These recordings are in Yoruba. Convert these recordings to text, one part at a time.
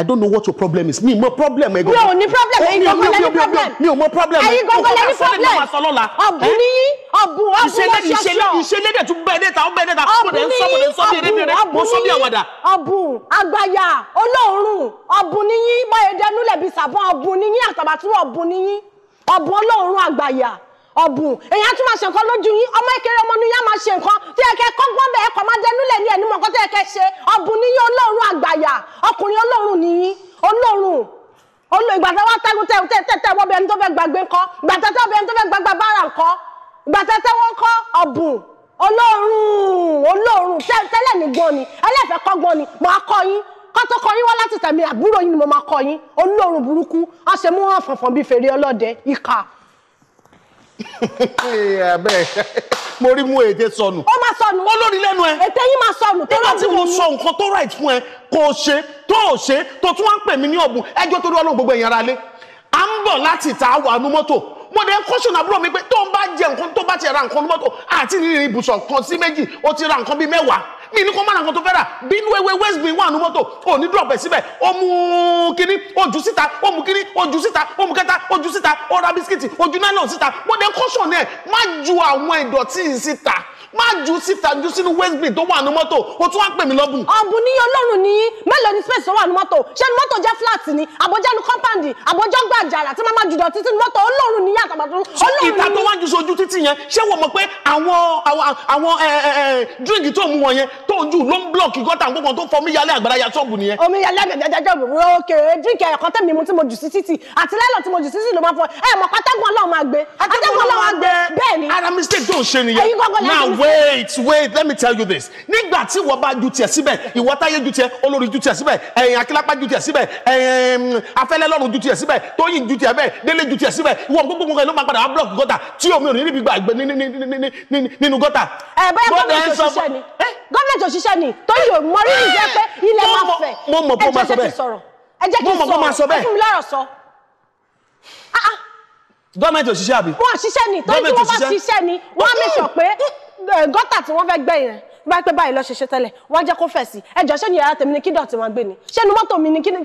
I don't know what your problem is. Me, my problem ẹ gbọ́dọ̀. Mi ò ní problem, oh, ẹ̀yin gbọ́dọ̀ lẹ́ni problem. you, Mi ò mọ problem. you, gbọ́dọ̀ lẹ́ni you, Ọ̀bùn ni you, ọ̀bùn ọ̀bùn you, Ìṣẹ́lẹ̀dẹ̀ tún bẹ́ẹ̀ dẹ́ta, ó bẹ́ẹ̀ dẹ́ta. Ọ̀bùn ni yín, ọ̀bùn ni yín, ọ̀bùn àgbàyà, olóòórùn, ọ̀bùn ni yín, Máyọ̀dẹ́nu lẹ̀bi sàbọ̀n, ọ̀bùn ni yín, àtàbàtúrò you, ni yín, ọ̀bùn olóòórùn àgbàyà ọ̀bùn èèyàn tún máa ṣe nǹkan lójú yín ọmọ ìkéré ọmọ inú yá máa ṣe nǹkan tí ẹ̀kẹ́ kọ́gbọ́n bẹ́ẹ̀ kọ́ máa dẹnúlẹ̀ ní ẹ̀ní mọ̀ọ́kọ́ tẹ́ ẹ̀kẹ́ ṣe ọ̀bùn ní yín olóòórùn àgbàyà ọkùnrin olóòórùn ní yín olóòórùn olóò ìgbàtà wá tẹ́gun tẹ́ tẹ́ tẹ́ wọ́n bẹni tó fẹ́ gbàgbé ńkọ́ ìgbàtà tẹ́ wọ́n bẹni tó fẹ́ gbàgbà bára ńkọ́ ìgbàtà tẹ́ wọ́n kọ́ ọ̀bùn olóòórùn olóòórùn tẹ́lẹ̀ nígbọ́n ni ẹlẹ́fẹ̀ẹ́ kọ́gbọ́n abẹ́ mo rí mú èdè sọnù. ó máa sọnù. ó lórí lẹ́nu ẹ. ètè yín máa sọnù. nígbà tí mo sọ nǹkan tó right fún ẹ kò ṣe tó ò ṣe tó tún wá ń pè mí ní ọ̀bùn ẹjọ́ torí ọlọ́run gbogbo ẹ̀yin ará lé à ń bọ̀ láti ta àwọn àánú mọ́tò mo dẹ̀ ń kọ́sùn àbúrò mi pé tó ń bá jẹ nǹkan tó bá ti ra nǹkan mọ́tò àti rírì ibùsọ̀ kan sí méjì ó ti ra nǹkan bíi mẹ́wàá mi ní kó má ra nǹkan tó fẹ́ rà bínú ewé west green wà nù mọ́tò ò ní drop ẹ̀ síbẹ̀ ó mú kínní ó jù síta ó mú kínní ó jù síta ó mú kẹta ó jù síta ó ra bisikíìtì ó jù síta bó de kọ́sọ̀ náà má ju àwọn ìdọ̀tí síta má ju síta ju sínú westgrid tó wà ní mọ́tò o tún wá pè mí lọ́bùn. ọ̀bùn níyẹn ọlọ́run ní mélòó ni space tó wà ní mọ́tò ṣé ní mọ́tò jẹ́ flat ni àbójá ní compound àbójọ́ gbà jàrà tí màmá jùdọ̀ títí ní mọ́tò ọlọ́run ní yàtọ̀ pàtó ọlọ́run ní. ìta tó wá ju sojú títì yẹn ṣé wọ́n mọ̀ pé àwọn àwọn drink tó mú wọn yẹn tó ń jù ló ń block gọ́tà gbọ́ngàn tó fọ omíyalé àgbàrá ya ṣọ́ọ̀bù nìyẹn. omíyalé àgbàrá òkè drink ẹ̀kọ́ tẹ̀mí mu tí mo jù sí títì àti lẹ́lọ̀ tí mo jù sí títì ló máa fọ ẹ̀ mọ̀ pátágùn ọlọ́run máa gbé atẹ́gùn ọlọ́run máa gbé bẹ́ẹ̀ ni. ara mistake tó ń ṣe nìyẹn now wait wait let me tell you this nígbà tí ìwọ bá ju tiẹ̀ síbẹ̀ ìwọ táyé ju tiẹ̀ olórí ju tiẹ̀ síbẹ̀ ẹ̀yìn akílápá ju tiẹ̀ síbẹ̀ ẹ̀yìn afẹ́lẹ́lọ́run ju tiẹ̀ síbẹ̀ tóyìn ju tiẹ̀ bẹ́ẹ̀ délé ju tiẹ̀ síbẹ̀ ìwọ gbogbo nǹkan ló máa padà wá block gọ́tà tí omi ò ní níbi gbàgbé nínú gọ́tà. ẹ bẹ́ẹ̀ gómìnà tó ṣiṣẹ́ ni gómìnà tó ṣiṣẹ́ ni torí yóò mọ rírì jẹ́ pé ilẹ̀ máa fẹ̀ ẹ jẹ́ kí sọ̀rọ̀ ẹ jẹ́ kí sọ̀rọ̀ ẹ fún mi lọ́rọ̀ sọ ah, ah. gọ́ọ̀mẹ̀ntì òṣìṣẹ́ àbí. wọ́n ṣiṣẹ́ ni tó ń tí wọ́n bá ṣiṣẹ́ ni wọ́n á mẹ́sàn pé Eh, gọ́tà tí wọ́n fẹ́ gbẹ́ yẹn bá pẹ́ báyìí lọ ṣẹṣẹ tẹ́lẹ̀ wọ́n á jẹ́ kó fẹ̀ sí ẹjọ́ ṣé ní yàrá tèmi ni kí dọ̀tí wọn gbé ni ṣé inú mọ́tò mi ni kí ni.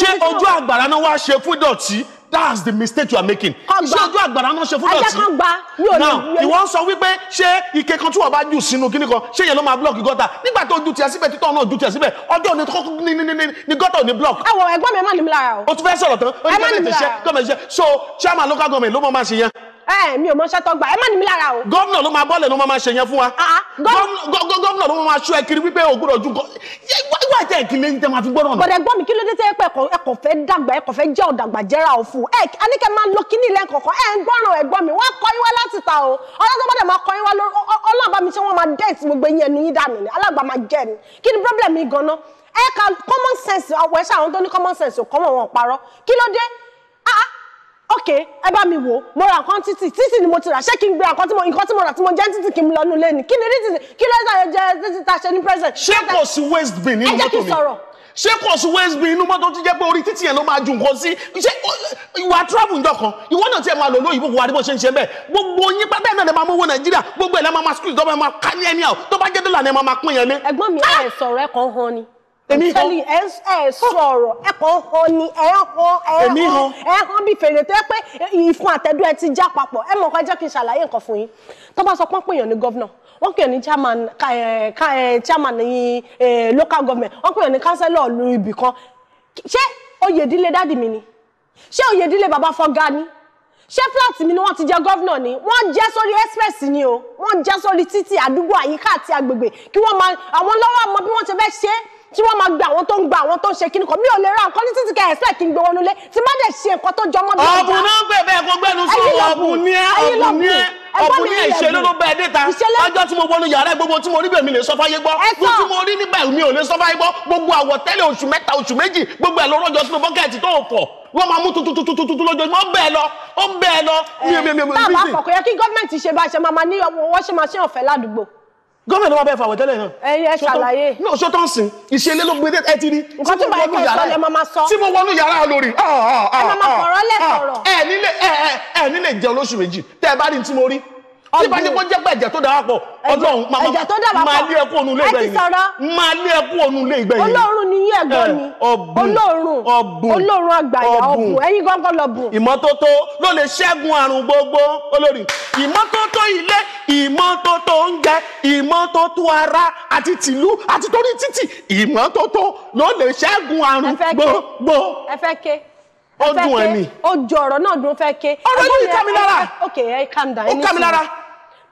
ṣé ojú àgbàrá náà wá ṣe fún dọ̀tí that's the mistake you are making. ṣé ojú àgbàrá náà ṣe fún dọ̀tí. ajá kan gba yóò ní. now ìwọ ń sọ wípé ṣé ike kan tí wọn bá jù sínú kíní kan ṣé yẹn ló máa block gọ́tà nígbà tó ju tiẹ̀ síbẹ̀ títọ́ náà ju tiẹ̀ síbẹ̀ ọjọ́ òní tó ní ní ní ní gọ́tà òní block. ẹ wọ ẹ̀gbọ́n mi ẹ má ní mi lára o. o tún fẹ́ sọ̀rọ̀ tán o ní kí ẹ má ní mi lára o. so chairman local government ló mọ̀ máa ṣe yẹn ẹ mi ò mọ ṣẹ́ tọ́gbà ẹ má ní mi lára o. gómìnà ló máa bọ́ọ̀lẹ̀ ló máa ṣe yẹn fún wa ah, ah, gómìnà ló máa ṣọ́ ẹ kiri wípé o gbọ́dọ̀ ju kọ́ ìwà ìtẹ́ ìkílé ń tẹ́ máa fi gbọ́dọ̀ nù. bọ̀dẹ̀ gbọ́ mi kí ló dé tẹ́ pẹ́ ẹkọ̀ fẹ́ dàgbà ẹkọ̀ fẹ́ jẹ́ ọ̀dàgbà jẹ́ra òfu ẹ aníkẹ́ máa lo kíní ilẹ̀ kọ̀ọ̀kan ẹ ń gbọ́ràn ẹ gbọ́ mi wọ́n kọ́ yín wá láti ta o ọlọ́dún tó bọ́dẹ̀ máa kọ́ yín wá ọlọ́ọ̀bá mi tí wọ́n máa dẹ́ẹ̀sì gbogbo yín ẹnu yín dànù ni alágbà máa jẹ́ ni kí ni problem yín gan-an ẹ ka common sense ọ̀pọ̀ ẹ̀ṣẹ̀ àwọn tó ní common sense ò kọ́mọ̀ wọn parọ́ kí ló dé ok ẹ bá mi wò mo ra nǹkan títì títì ni mo ti rà ṣé kí n gbé nǹkan tí mo nǹkan tí mo rà tí mo jẹ́ títì kí n lọ nulẹ̀ ni kí ni títì kí ló ṣàyẹ jẹ títì ta ṣe ní present. ṣé kò sí waste bin nínú mọ́tò mi ẹ jẹ́ kí n sọ̀rọ̀. ṣé kò sí waste bin nínú mọ́tò tó jẹ́ pé orí títì yẹn ló máa ju nǹkan sí ṣé ìwà travel ǹjọ́ kan ìwọ náà tiẹ̀ máa lò lóyìnbó wà ní bó ṣe ń ṣe bẹ́ẹ̀ gbogbo yín pátá ẹ̀ náà lè máa mú owó nàìjíríà gbogbo ẹ̀ lẹ́ máa máa skul tó bá máa ká ní ẹni àw tó bá jẹ́ dọ́là ni ẹ máa máa pín yẹn lé. ẹ̀gbọ́n mi ẹ ah! sọ̀rọ̀ ẹ kàn hàn ni èmi hàn ẹ ẹ sọ̀rọ̀ ẹ kàn hàn ni ẹ hàn ẹ hàn ẹ hàn bí fèrè tó yẹ pé ìfun àtẹ̀dọ̀ ẹ ti já papọ̀ ẹ mọ̀ ká jẹ́ kí n ṣàlàyé nǹkan fún yín tó bá sọ pé pèèyàn ní gọ́vnà wọ́n pèèyàn ní chairman chairman ní local government wọ́n pèèyàn ní councillor lu ibì kan ṣé oyè ìdílé dádì mi ni ṣé oyè ìdílé bàbá fọ́gá ni ṣé flat mi ni wọ́n ti jẹ gọ́vnà ni wọ́n jẹ́ sórí express ni o wọ́n jẹ́ sórí títì àdúgbò àyíká àti agbègbè kí wọ́n máa àwọn lọ́wọ́ mọ bí wọ́n ti fẹ́ ṣe é tí wọ́n máa gba àwọn tó ń gba àwọn tó ń ṣe kíni kan mi ò lè ra nǹkan ní títí ká expect kí n gbé wọnú ilé tí má dẹ̀ ṣe nǹkan tó jọmọ́ mi. ọ̀bùn náà ń pè bẹ́ẹ̀ gbẹ́nu sọ ọ̀bùn ní ẹ ọ̀bùn ní ẹ ọ̀bùn ní ìṣèlú ló bẹ́ẹ̀ dé ọjọ́ tí mo wọnú yàrá gbogbo tí mo rí bẹ́ẹ̀ mi lè sọ fáyé gbọ́ gbogbo tí mo rí nígbà mi ò lè sọ fáyé gbọ́ gbogbo àwọ̀tẹ́lẹ̀ oṣù mẹ́ta oṣù méjì gbogbo ẹ̀ lọ́rọ́ jọ sínú bọ́kẹ́ẹ̀tì tó fọ̀ wọ́n máa mú tututututu lójoojúmọ́ ó bẹ́ẹ̀ lọ ó bẹ́ẹ̀ lọ. táàbà àpọ̀kọ̀ yẹ kí gọ́ọ̀mẹ̀ntì ṣe bá ṣe máa ní wọ́n ṣe máa ṣe ọ̀fẹ́ ládùúgbò gómìnà ló wá bẹ́ẹ̀ fàwẹ̀ tẹ́lẹ̀ náà. ẹ ṣàlàyé. ní oṣù tó ń sìn ìṣẹ̀lẹ̀ ló gbé ẹ ti rí. nǹkan tó bá yẹ kẹ́ sọ lẹ máa ma sọ. tí mo wọnú yàrá lórí. Ah, ah, ah, ẹ máa ma fọ̀rọ̀ lẹ̀ sọ̀rọ̀. ẹ nílé ẹ ẹ ẹ nílé jẹ olóṣù méjì tẹ ẹ bá rí tí mo rí. tí bá jẹ kó jẹ pé ẹ̀jẹ̀ tó dára pọ̀ Ọlọ́run máa lé ẹkú ònú lé ìgbẹ̀yìn. máa lé ẹkú ni yín ẹ̀gbọ́n eh, mi. Ọlọ́run Ọlọ́run àgbàyà ọ̀bùn ẹ̀yin gángan lọ̀bùn. ìmọ́tótó ló lè ṣẹ́gun àrùn tó ń jẹ ìmọ́tótó ara àti tìlú àti torí títì ìmọ́tótó ló lè ṣẹ́gun àrùn gbogbo. ẹ fẹ́ ké ó dùn ẹ̀ ó jọ ọ̀rọ̀ náà dùn fẹ́ ké. ọ̀rọ̀ yìí kà ok calm down. ó kà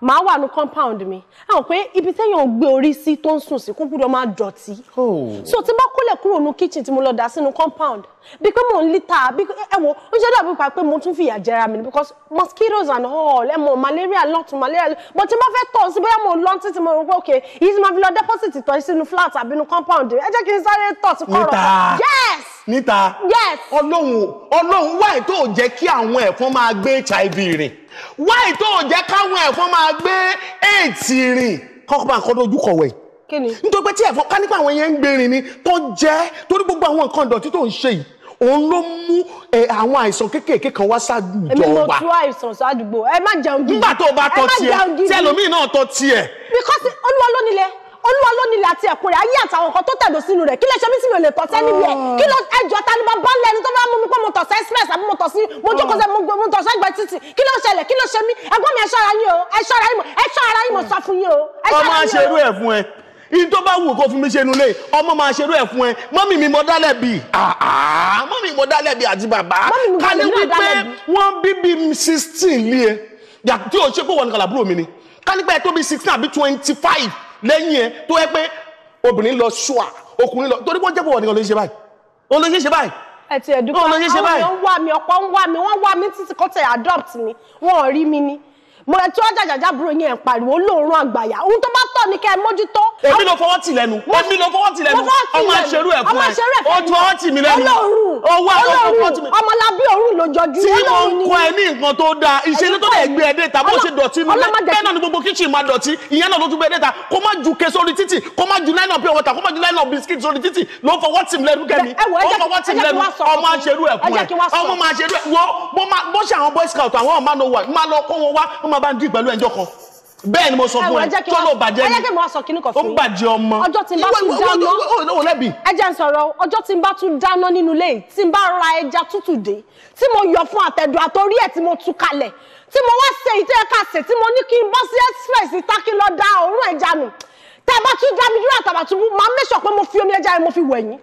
màá wà ní compound mi ẹ hàn pé ibi téèyàn gbé orí sí tó ń sùn sí kó gbúdọ̀ máa dọ̀tí. Oh. so tí bá kólẹ̀ kúrò ní kitchen tí mo lọ dà sínú compound bí pé mo ń lítà bí ẹ wo ó ṣe dàbí pa pé mo tún fìyà jẹra mi because mosquitoes and all ẹ mọ malaria lọ́tún malaria but tí n bá fẹ́ tọ̀ sí bóyá mo lọ títí mo rò pé okay èyí tí mo fi lọ deposit tọ̀ sínú flat àbí inú compound ẹ jẹ́ kí n sáré tọ̀ sí kọ̀rọ̀ yes níta yes ọlọ́run ọlọ́run wáyé tó jẹ́ kí àwọn ẹ̀fọn máa gbé hiv rìn wáì tó jẹ́ káwọn ẹ̀fọn máa gbé èètì rìn kọ́kọ́ bá nǹkan dojú kọ̀wẹ̀ nítorí pé tí ẹ̀fọn ká nípa àwọn yẹn ń gbèrin ni tó jẹ́ torí gbogbo àwọn nǹkan ìdọ̀tí tó ń ṣe yìí òun ló mú àwọn àìsàn kéékèèké kan wá ṣáájú ìjọ wa. èmi mo tú àìsàn ṣáájú gbò ẹ má jẹun gidi. nígbà tó o bá tọ tiẹ̀ tí ẹlòmíì náà tọ tiẹ̀. because olúwa ló nílẹ̀ olúwa ló nílẹ̀ àti ẹ̀kúnrẹ́ ayé àtàwọn nǹkan tó tẹ̀dó sínú rẹ̀ kí lè ṣe mí sí mi ò lè tọ̀sẹ́ níbi ẹ̀ kí ló ẹjọ́ ta ni bàbá ńlẹ̀ ẹni tó fẹ́ mú mi pé mo tọ̀sẹ́ express àbí mo tọ̀sí mo jókòó sẹ́ mo tọ̀sẹ́ gbẹ títì kí ló ṣẹlẹ̀ kí ló ṣe mí ẹ̀gbọ́n mi ẹ ṣọ́ra yín o ẹ ṣọ́ra yín ẹ ṣọ́ra yín mo sọ fún yín o ẹ ṣọ́ra yín o. ọmọ in tó bá wù kó fún mi ṣe nulẹ̀ ọmọ máa ṣerú ẹ̀ ẹ mọ́mì ẹ tó lẹ́yìn ẹ tó yẹ pé obìnrin lọ ṣùà ọkùnrin lọ torí wọ́n jẹ́ pọ̀ wọ́n nìkan ló ń ṣe báyìí wọ́n ló ń ṣe báyìí ẹ̀tì ẹ̀dùnkọ́ àwọn èèyàn ń wá mi ọ̀pọ̀ ń wá mi wọ́n wá mi títí kọ́tẹ̀ adopt mi wọ́n rí mi ni mo ẹ tí wọn jàjàjà búrò yín ẹ pariwo lóòrùn àgbàyà ohun tó bá tọ́ ni kẹ́ ẹ mójútó. èmi ló fọwọ́ tì lẹ́nu èmi ló fọwọ́ tì lẹ́nu ọmọ àṣẹrú ẹ̀ fún ẹ o tún ọwọ́ tì mí lẹ́nu olóòrùn olóòrùn ọmọlábí òórùn ló jọjú tí mo ń kọ ẹ ní nǹkan tó dáa ìṣeré tó lè gbé ẹ déta bó ṣe dọ̀tí nu bẹ́ẹ̀ náà ni gbogbo kíchìn máa dọ̀tí ìyẹn náà ló tún gbé ẹ déta kó má ju ke sórí títì kó má ju line up pure water kó má ju line up biscuit sórí títì ló fọwọ́ tì bá ń dì pẹ̀lú ẹjọ́ kan bẹ́ẹ̀ ni mo sọ fún tó ló bàjẹ́ ni ó ń bàjẹ́ ọmọ ọjọ́ tí n bá tún dáná ó lẹ́bi. sọ̀rọ̀ ọjọ́ tí n bá tún dáná nínú ilé tí n bá ra ẹja tútù dé tí mo yọ fún àtẹ̀dọ̀ àtọ́rí ẹ̀ tí mo tú kalẹ̀ tí mo wá ṣe ìtẹ́ ẹ̀ka ṣe tí mo ní kí n bọ́ sí express ìtakí lọ da òórùn ẹja nù tẹ́ ẹ bá tún dá mi dúró àtàbàtúbú máa mẹ́sọ̀ pé mo fi omi ẹja yẹn mo fi wẹ̀yìn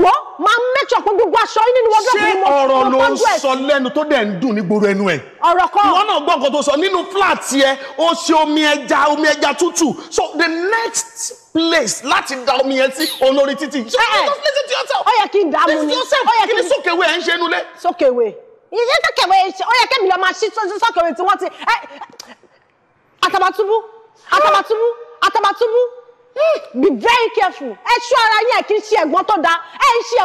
wọ́n máa ń mẹ́tọ̀ pé gbogbo aṣọ yín nínú wọ́n dọ̀bù mọ́ ọ̀rọ̀ ló ń sọ lẹ́nu tó dẹ̀ ń dùn ní gbòòrò ẹnu ẹ̀. ọ̀rọ̀ kan ìwọ náà gbọ́ nǹkan tó sọ nínú fúláàtì ẹ ó ṣe omi ẹja omi ẹja tútù so the next place láti da omi yẹn sí olórí títì. ṣé ẹ ó yẹ kí n dààmú ni ó yẹ kí n sókèwé ẹ ń ṣe nulẹ̀. sókèwé ìyẹn sókèwé ó yẹ kẹ́mi lọ máa ṣí sókèwé tí wọ́n ti Àtàbàtúbú Àtàbàtúbú Àtàbàtúbú Hmm, be very careful ẹ ṣọ́ ara yín ẹ kì í ṣe ẹ̀gbọ́n tó dáa ẹ ń ṣe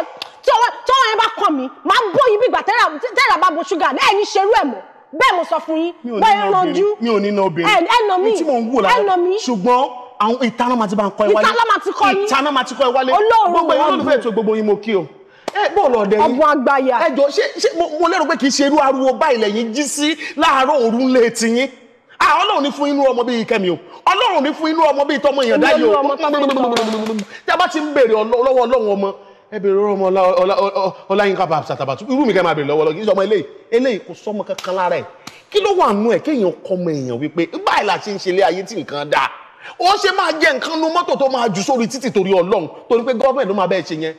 tọ́wọ́ yẹn bá kàn mí màá bó yín bí ìgbà tẹ́lẹ̀ bá bo ṣúgà ẹ ní ṣerú ẹ̀ mọ́ bẹ́ẹ̀ mo sọ fún yín bẹ́ẹ̀ rànjú mi ò ní na obìnrin ẹ nà mí ẹ nà mí ṣùgbọ́n àwọn ìtaná máa ti bá ń kọ́ ẹ wálé ìtaná máa ti kọ́ yín ìtaná máa ti kọ́ ẹ wálé gbogbo yín ló fẹ́ tó gbogbo yín mo kí o bọ́ọ̀lù ọ̀dẹ yìí ọ̀bùn àgbàyà ẹ jọ ṣé ṣé mo lérò pé kì í ṣe irú ariwo báyìí lẹ́yìn jí sí láàárọ̀ òru ńlẹ̀ tiyín àwọn náà ní fún inú ọmọ bíi kẹ́mi o ọlọ́run ní fún inú ọmọ bíi tọmọ èèyàn dáyé o tí a bá ti ń béèrè lọ́wọ́ ọlọ́run ọmọ ẹ béèrè lọ́wọ́ ọmọ ọláyínká bàtàbàtú irú mi kẹ́ máa béèrè lọ́wọ́ ọlọ́run kì í sọ ọmọ eléyìí eléyìí kò sọmọ kankan lára ẹ̀ kí ló wà nù ẹ̀ kéèyàn kọmọ èèyàn wípé báyìí la ṣe ń ṣe ilé ayé tí nǹkan dáa ó ṣe máa jẹ nǹkan nu mọ́tò tó máa jù sórí títì torí ọlọ́run torí pé gọ́ọ̀mẹ̀ntì ló máa bẹ́ẹ̀ ṣe yẹn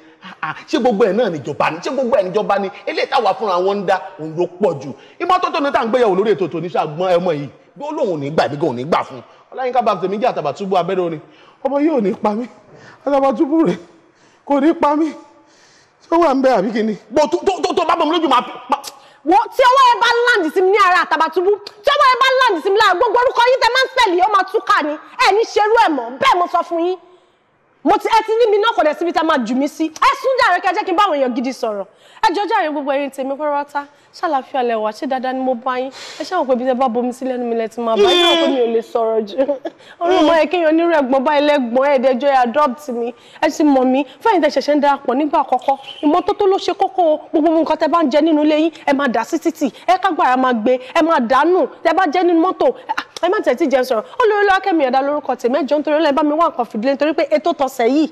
ṣé gbogbo ẹ̀ náà níjọba ni ṣé gbogbo ẹ̀ níjọba ni eléyìí táwa fúnra wọn ń dá òun ló pọ̀ jù ìmọ́tótó ni tá à ń gbéyàwó lórí ètò tòní ṣàgbọ́n ẹmọ yìí bí ó lóun ò ní gbà ìbí gan ò ní gbà fún un ọláyínká bàbá mi jẹ́ àtàbàtúbú abẹ́rẹ́ orin ọmọ yóò ní pa mí àtàbàtúbú rẹ̀ kò ní pa mí tí ó wà ń bẹ́ àbí kí ni. bó tó tó tó bá bọ̀ mí lójú máa. wo tí ọwọ́ ẹ bá láǹdì sí mi ní ara àtàbàtúbú tí ọwọ́ ẹ bá láǹdì sí mi lára gbogbo orúkọ yín tẹ máa ń sẹ̀lì ó máa túká ni ẹ̀ ní ṣerú ẹ̀ mọ́ bẹ́ẹ̀ mo sọ fún yín mo ti ẹ ti ní mi náà kọ̀dẹ̀ síbi tá a máa jù mí sí ẹ sún jàre kẹjẹ kí n bá àwọn èèyàn gidi sọ̀rọ̀ ẹ jọ jàre gbogbo ẹ̀yin tèmi pẹ́rọ́tà ṣàlàáfíà lẹ wà ṣé dáadáa ni mo bá yín ẹ ṣáà pé ibi tẹ bá bomi sí lẹ́nu mi lẹ ti máa bá yín àwọn pé mi ò lè sọ̀rọ̀ jù ọ̀rọ̀ mọ́ ẹ kéèyàn onírú ẹ̀gbọ́n bá ẹlẹ́gbọ́n ẹ̀ẹ́dẹ́jọ́ ẹ adopt mi ẹ ti mọ̀ mí fẹ́yìn tẹ ṣẹ̀ṣẹ̀ ń darapọ̀ nígbà àkọ́kọ́ ìmọ́tótó ló ṣe kókó gbogbo nǹkan tẹ bá ń jẹ nínú ilé yín ẹ máa dà sí títì ẹ kágbára máa gbé ẹ máa dànù tẹ bá jẹ nínú mọ́tò ẹ má tẹ̀tí jẹun sọ̀rọ̀ olórí Olúwakẹ́mi Ìyàndá lórúkọ tèmi ẹ̀jọ́ nítorí ọlọ́run ẹ bá mi wá nǹkan fìdílé nítorí pé ètò tọ̀sẹ̀ yìí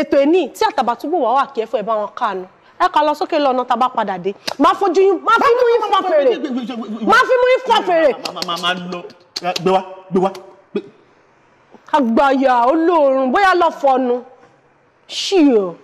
ètò ẹ̀ní tí Àtàbàtúbù wà wà kí ẹ fún ẹ bá wọn káàánú ẹ kà lọ sókè lọ́nà tá a bá padà dé máa fojú yín máa fi mú yín fọ́ fèrè máa fi mú yín fọ́ fèrè. máa lọ gbé wá gbé wá. àgbàyà olóòrùn bóyá lọ fọnu ṣíò.